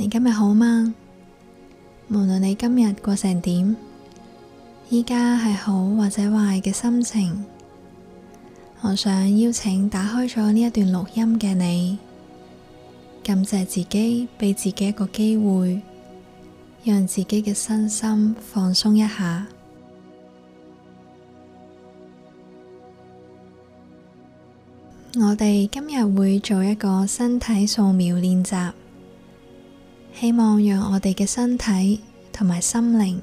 你今日好嗎？無論你今日過成點，依家係好或者壞嘅心情，我想邀請打開咗呢一段錄音嘅你，感謝自己畀自己一個機會，讓自己嘅身心放鬆一下。我哋今日會做一個身體掃描練習。希望讓我哋嘅身體同埋心靈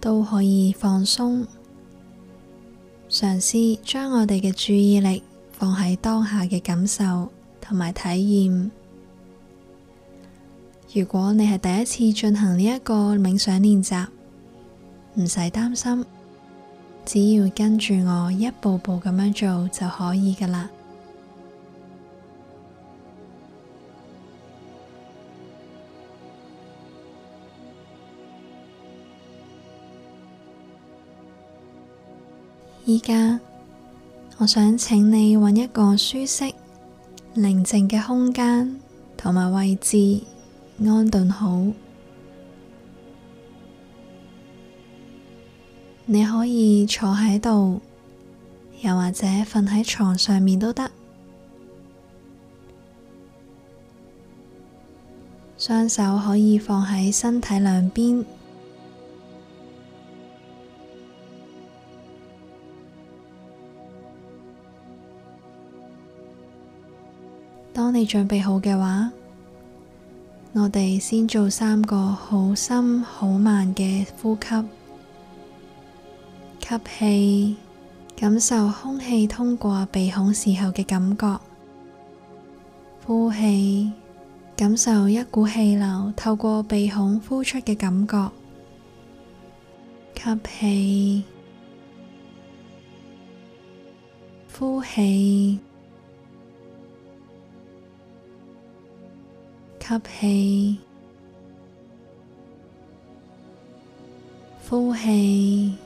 都可以放鬆，嘗試將我哋嘅注意力放喺當下嘅感受同埋體驗。如果你係第一次進行呢一個冥想練習，唔使擔心，只要跟住我一步步咁樣做就可以㗎喇。而家，我想請你揾一個舒適、寧靜嘅空間同埋位置，安頓好。你可以坐喺度，又或者瞓喺床上面都得。雙手可以放喺身體兩邊。當你準備好嘅話，我哋先做三個好深、好慢嘅呼吸。吸氣，感受空氣通過鼻孔時候嘅感覺；呼氣，感受一股氣流透過鼻孔呼出嘅感覺。吸氣，呼氣。吸氣，呼氣，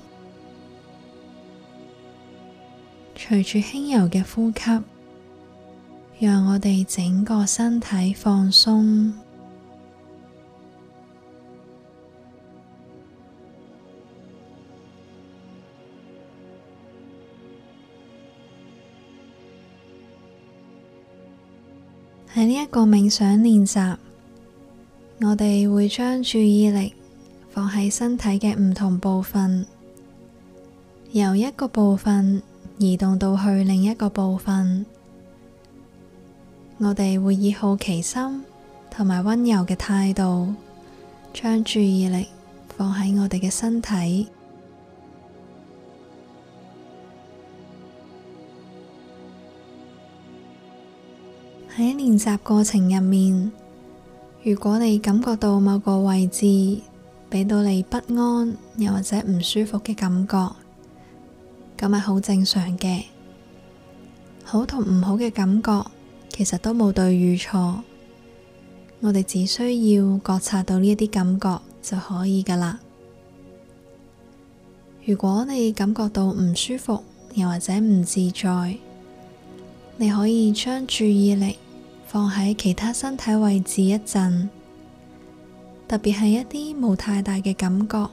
隨住輕柔嘅呼吸，讓我哋整個身體放鬆。喺呢一個冥想練習，我哋會將注意力放喺身體嘅唔同部分，由一個部分移動到去另一個部分。我哋會以好奇心同埋溫柔嘅態度，將注意力放喺我哋嘅身體。喺練習過程入面，如果你感覺到某個位置畀到你不安，又或者唔舒服嘅感覺，咁係好正常嘅。好同唔好嘅感覺，其實都冇對與錯。我哋只需要覺察到呢一啲感覺就可以㗎喇。如果你感覺到唔舒服，又或者唔自在，你可以將注意力放喺其他身體位置一陣，特別係一啲冇太大嘅感覺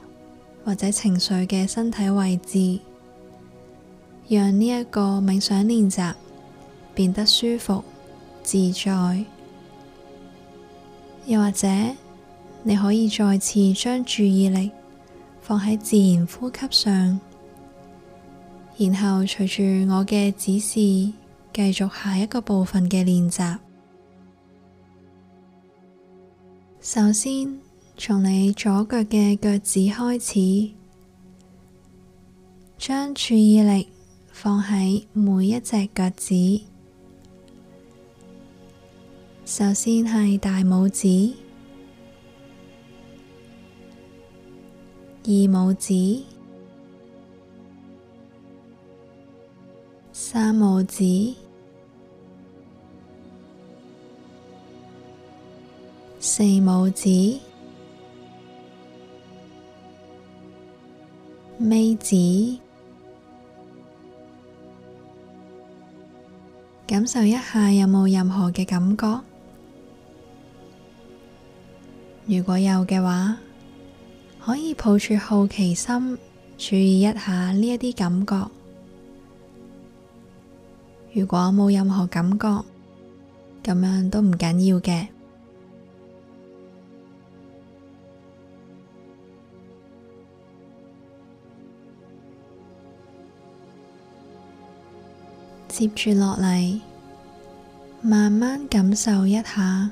或者情緒嘅身體位置，讓呢一個冥想練習變得舒服自在。又或者，你可以再次將注意力放喺自然呼吸上，然後隨住我嘅指示，繼續下一個部分嘅練習。首先，從你左腳嘅腳趾開始，將注意力放喺每一隻腳趾。首先係大拇指、二拇指、三拇指。四拇指、尾指，感受一下有冇任何嘅感覺？如果有嘅話，可以抱住好奇心，注意一下呢一啲感覺。如果冇任何感覺，咁樣都唔緊要嘅。接住落嚟，慢慢感受一下，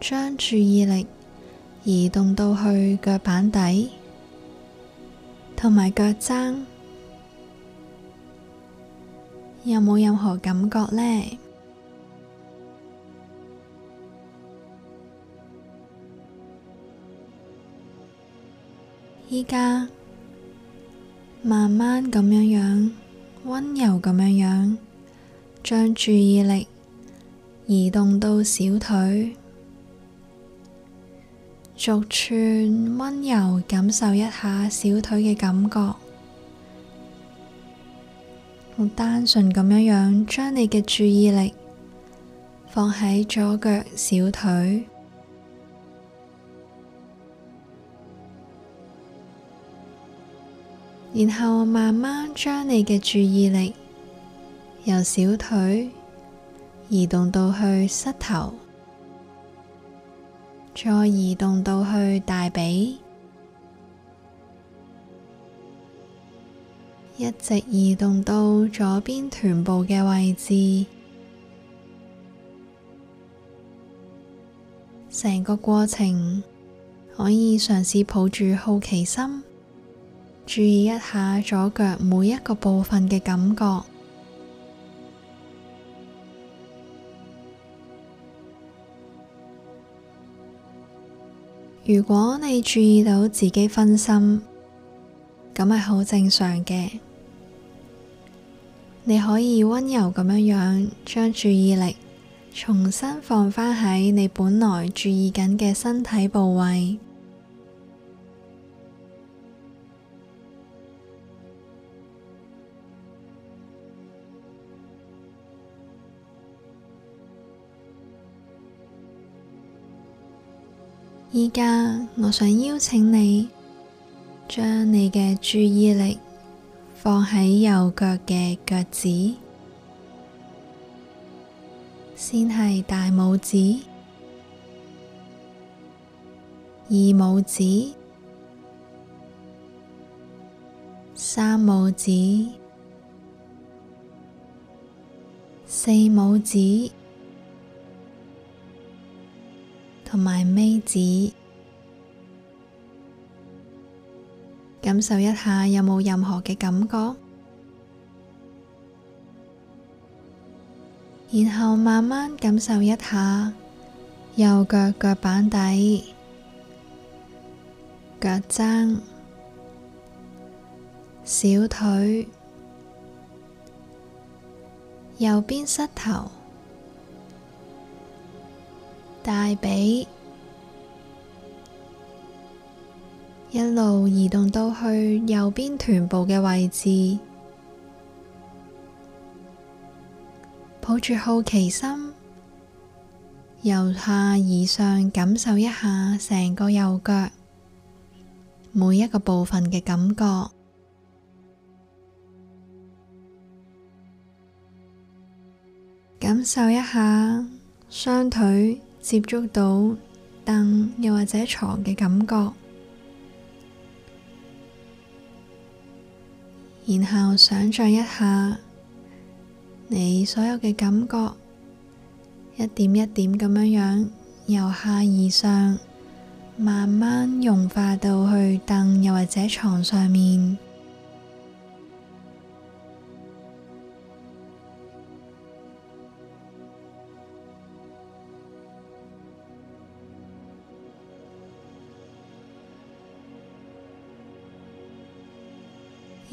將注意力移動到去腳板底同埋腳踭，有冇任何感覺呢？而家慢慢咁樣樣，溫柔咁樣樣。將注意力移動到小腿，逐寸溫柔，柔感受一下小腿嘅感覺。好單純咁樣樣，將你嘅注意力放喺左腳小腿，然後慢慢將你嘅注意力。由小腿移動到去膝頭，再移動到去大髀，一直移動到左邊臀部嘅位置。成個過程可以嘗試抱住好奇心，注意一下左腳每一個部分嘅感覺。如果你注意到自己分心，咁係好正常嘅。你可以温柔咁樣樣將注意力重新放返喺你本來注意緊嘅身體部位。而家，我想邀請你將你嘅注意力放喺右腳嘅腳趾，先係大拇指，二拇指，三拇指，四拇指。同埋尾指，感受一下有冇任何嘅感覺，然後慢慢感受一下右腳腳板底、腳踭、小腿、右邊膝頭。大髀一路移動到去右邊臀部嘅位置，抱住好奇心，由下而上感受一下成個右腳每一個部分嘅感覺，感受一下雙腿，接觸到凳，又或者床嘅感覺，然後想象一下你所有嘅感覺，一點一點咁樣樣由下而上，慢慢融化到去凳，又或者床上面。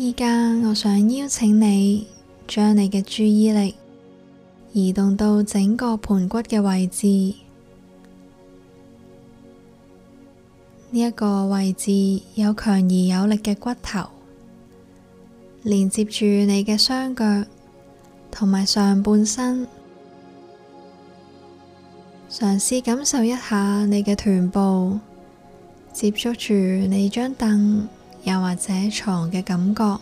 依家，我想邀請你將你嘅注意力移動到整個盆骨嘅位置。呢一個位置有強而有力嘅骨頭，連接住你嘅雙腳同埋上半身。嘗試感受一下你嘅臀部接觸住你張凳。又或者床嘅感覺，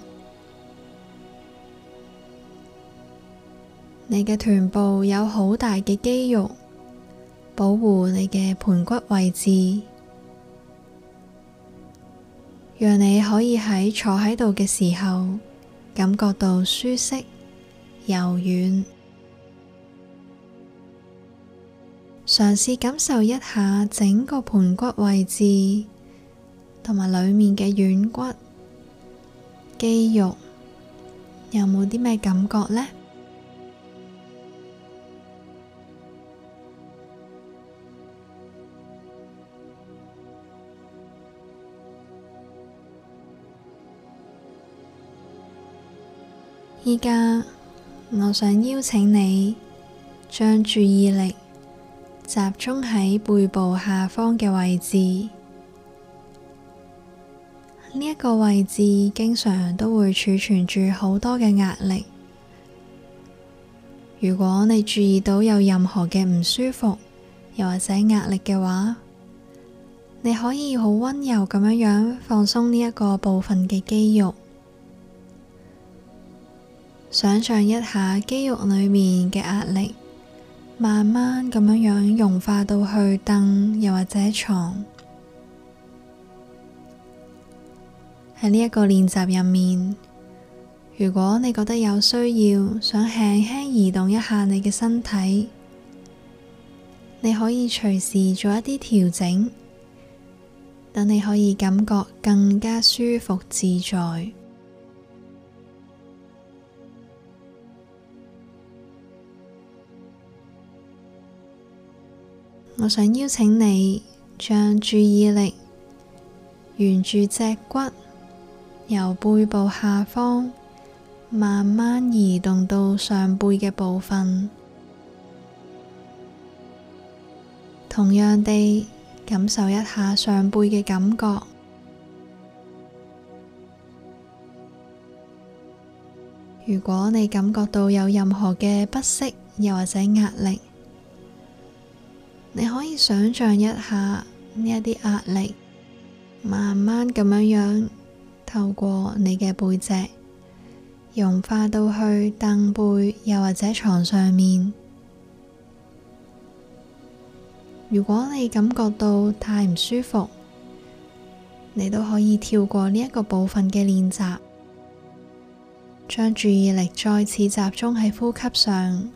你嘅臀部有好大嘅肌肉，保護你嘅盆骨位置，讓你可以喺坐喺度嘅時候感覺到舒適、柔軟。嘗試感受一下整個盆骨位置，同埋裏面嘅軟骨、肌肉，有冇啲咩感覺呢？而家，我想邀請你將注意力集中喺背部下方嘅位置。呢一個位置經常都會儲存住好多嘅壓力。如果你注意到有任何嘅唔舒服，又或者壓力嘅話，你可以好温柔咁樣樣放鬆呢一個部分嘅肌肉。想象一下肌肉裏面嘅壓力，慢慢咁樣樣融化到去凳，又或者床。喺呢一個練習入面，如果你覺得有需要，想輕輕移動一下你嘅身體，你可以隨時做一啲調整，等你可以感覺更加舒服自在。我想邀請你將注意力沿住脊骨。由背部下方慢慢移動到上背嘅部分，同樣地感受一下上背嘅感覺。如果你感覺到有任何嘅不適，又或者壓力，你可以想象一下呢一啲壓力，慢慢咁樣樣。透過你嘅背脊，融化到去凳背，又或者床上面。如果你感覺到太唔舒服，你都可以跳過呢一個部分嘅練習，將注意力再次集中喺呼吸上。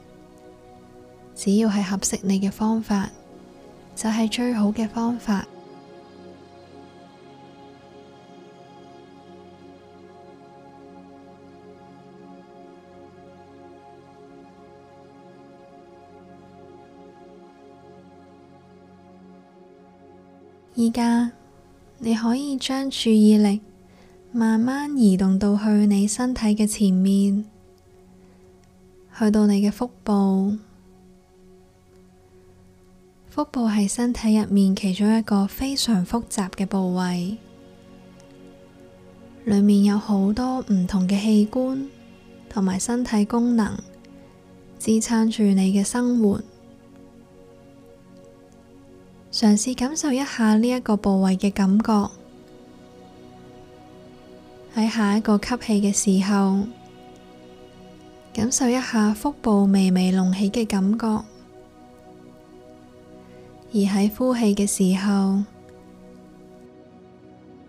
只要係合適你嘅方法，就係最好嘅方法。而家你可以將注意力慢慢移動到去你身體嘅前面，去到你嘅腹部。腹部係身體入面其中一個非常複雜嘅部位，裏面有好多唔同嘅器官同埋身體功能，支撐住你嘅生活。嘗試感受一下呢一個部位嘅感覺。喺下一個吸氣嘅時候，感受一下腹部微微隆起嘅感覺；而喺呼氣嘅時候，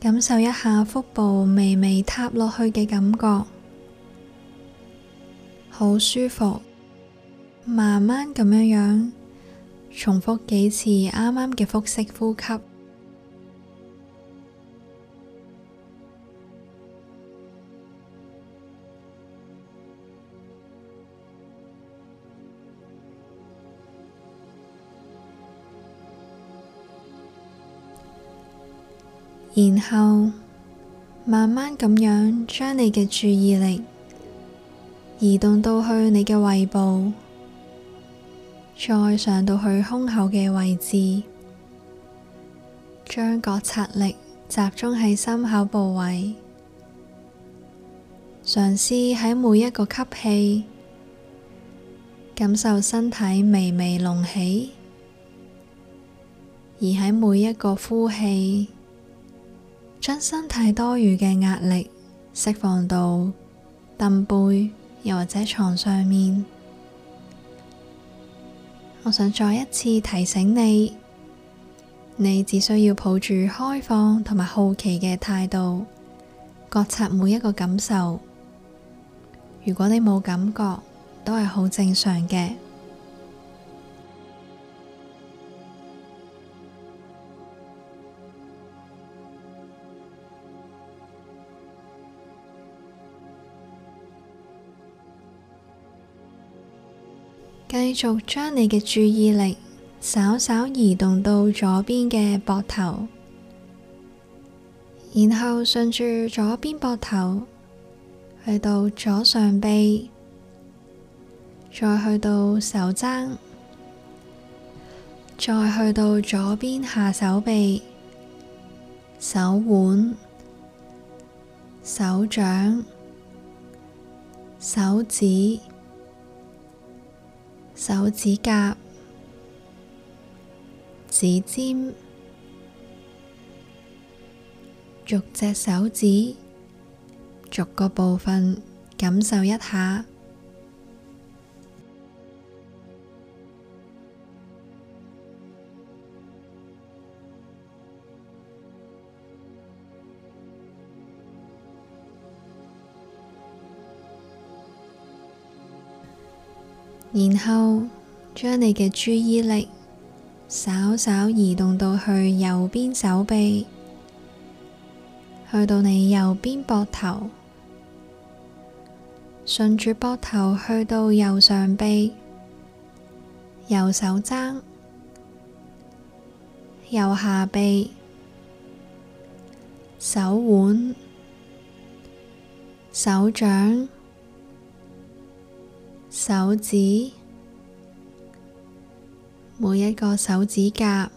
感受一下腹部微微塌落去嘅感覺，好舒服。慢慢咁樣樣。重複幾次啱啱嘅腹式呼吸，然後慢慢咁樣將你嘅注意力移動到去你嘅胃部。再上到去胸口嘅位置，將覺察力集中喺心口部位，嘗試喺每一個吸氣，感受身體微微隆起；而喺每一個呼氣，將身體多餘嘅壓力釋放到凳背，又或者床上面。我想再一次提醒你，你只需要抱住開放同埋好奇嘅態度，覺察每一個感受。如果你冇感覺，都係好正常嘅。繼續將你嘅注意力稍稍移動到左邊嘅膊頭，然後順住左邊膊頭去到左上臂，再去到手踭，再去到左邊下手臂、手腕、手掌、手指。手指甲、指尖，逐隻手指，逐個部分感受一下。然後將你嘅注意力稍稍移動到去右邊手臂，去到你右邊膊頭，順住膊頭去到右上臂、右手踭、右下臂、手腕、手掌。手指，每一個手指甲，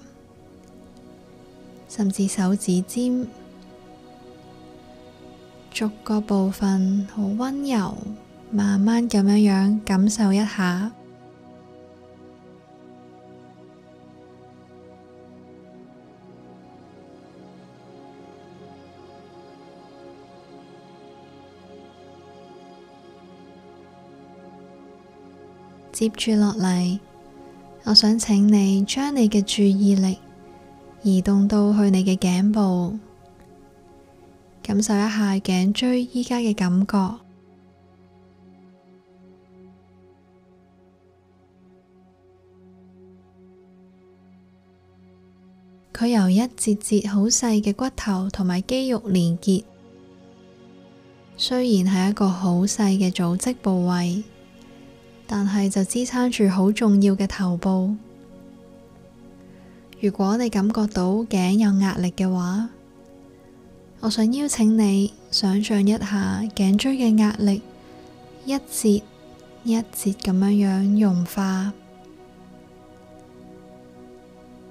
甚至手指尖，逐個部分好溫柔，慢慢咁樣樣感受一下。接住落嚟，我想請你將你嘅注意力移動到去你嘅頸部，感受一下頸椎依家嘅感覺。佢由一節節好細嘅骨頭同埋肌肉連結，雖然係一個好細嘅組織部位。但係就支撐住好重要嘅頭部。如果你感覺到頸有壓力嘅話，我想邀請你想象一下頸椎嘅壓力，一節一節咁樣樣融化，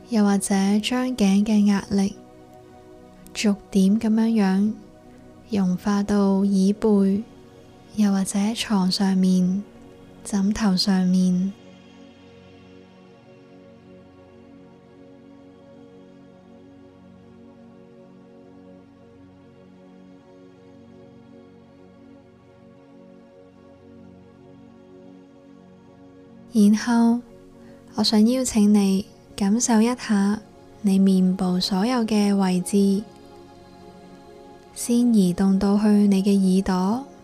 又或者將頸嘅壓力逐點咁樣樣融化到椅背，又或者床上面，枕頭上面，然後我想邀請你感受一下你面部所有嘅位置，先移動到去你嘅耳朵。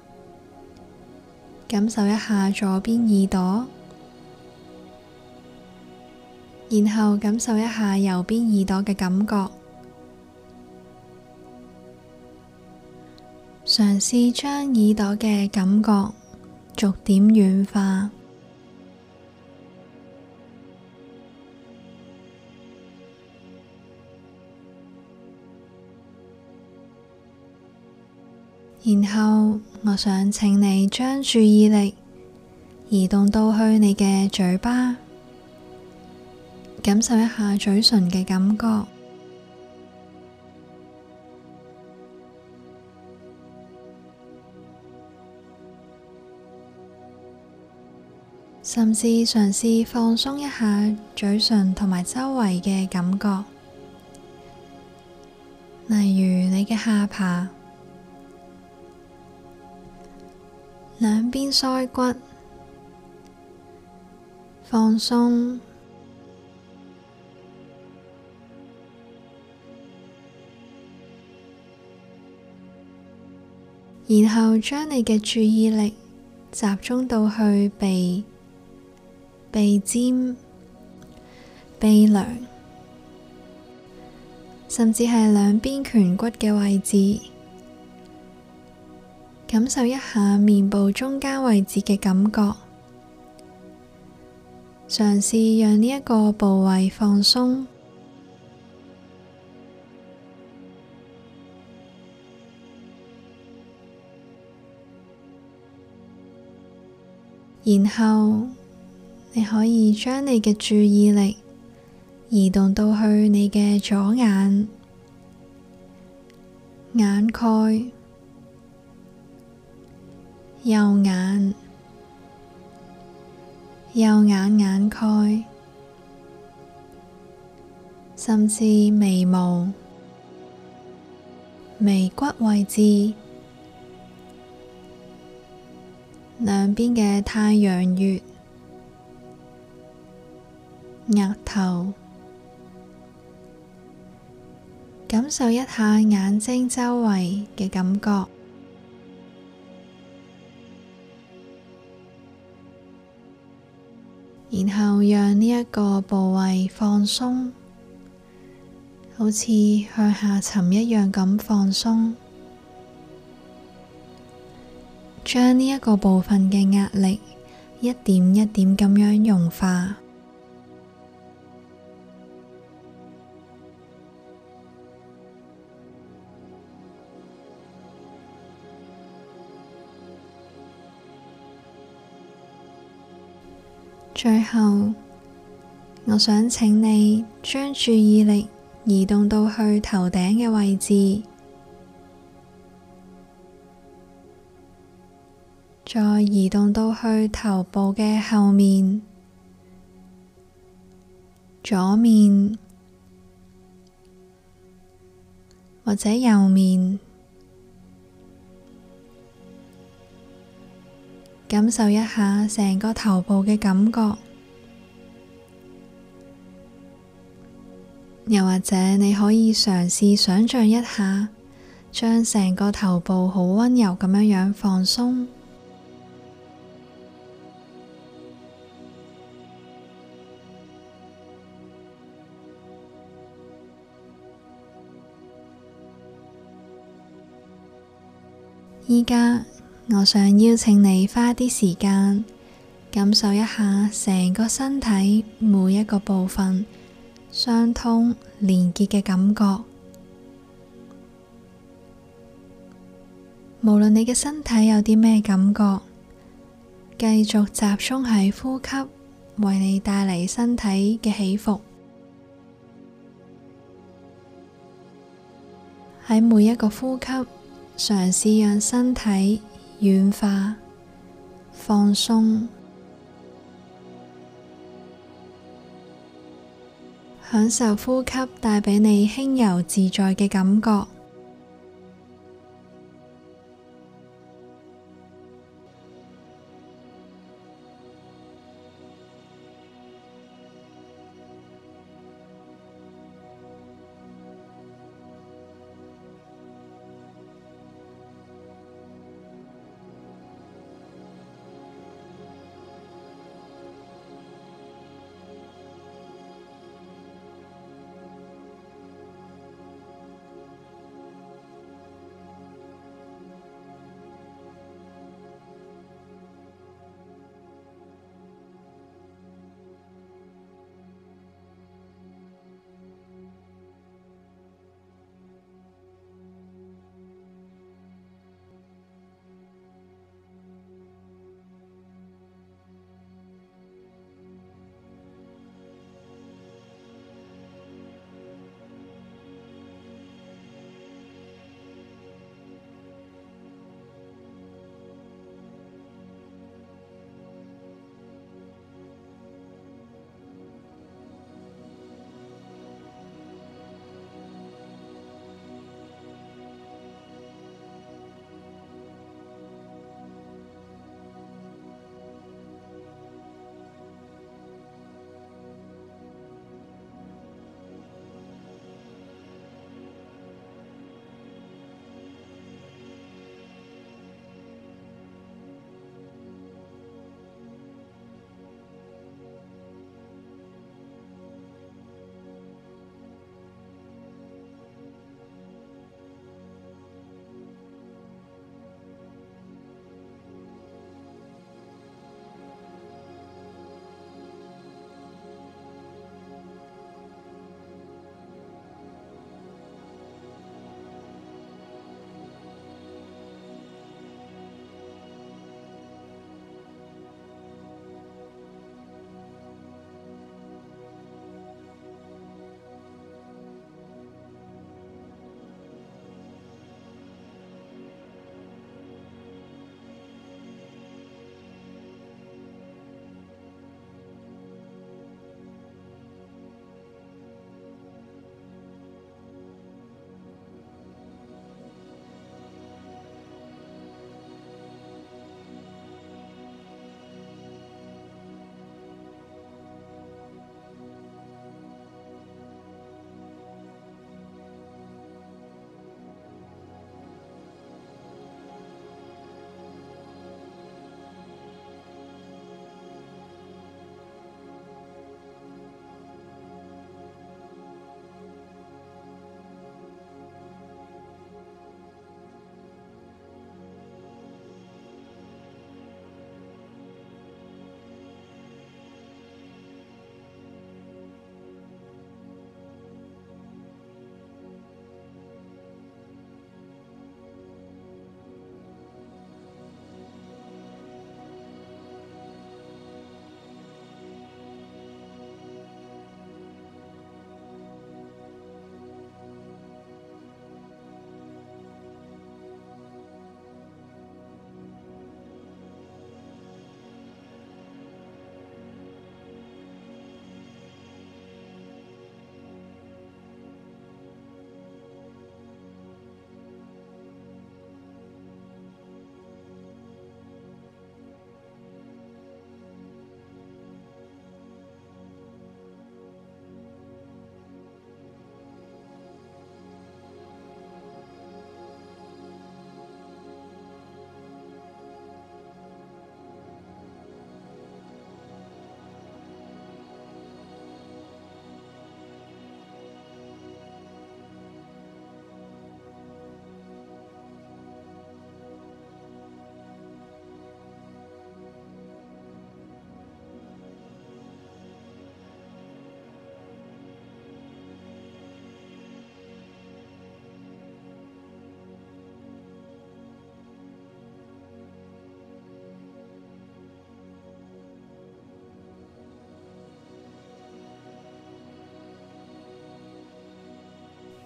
感受一下左邊耳朵，然後感受一下右邊耳朵嘅感覺，嘗試將耳朵嘅感覺逐點軟化。然後，我想請你將注意力移動到去你嘅嘴巴，感受一下嘴唇嘅感覺，甚至嘗試放鬆一下嘴唇同埋周圍嘅感覺，例如你嘅下巴。兩邊腮骨放鬆，然後將你嘅注意力集中到去鼻、鼻尖、鼻梁，甚至係兩邊顴骨嘅位置。感受一下面部中間位置嘅感覺，嘗試讓呢一個部位放鬆，然後你可以將你嘅注意力移動到去你嘅左眼，眼蓋。右眼，右眼眼蓋，甚至眉毛、眉骨位置，兩邊嘅太陽穴、額頭，感受一下眼睛周圍嘅感覺。然後讓呢一個部位放鬆，好似向下沉一樣咁放鬆，將呢一個部分嘅壓力一點一點咁樣融化。最後，我想請你將注意力移動到去頭頂嘅位置，再移動到去頭部嘅後面、左面，或者右面。感受一下成個頭部嘅感覺，又或者你可以嘗試想象一下，將成個頭部好溫柔咁樣樣放鬆。而家。我想邀請你花啲時間感受一下成個身體每一個部分相通連結嘅感覺。無論你嘅身體有啲咩感覺，繼續集中喺呼吸，為你帶嚟身體嘅起伏。喺每一個呼吸，嘗試讓身體。軟化，放鬆，享受呼吸帶畀你輕柔自在嘅感覺。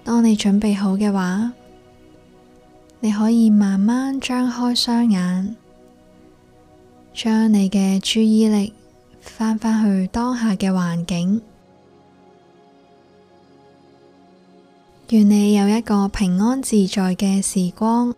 當你準備好嘅話，你可以慢慢張開雙眼，將你嘅注意力翻返去當下嘅環境，願你有一個平安自在嘅時光。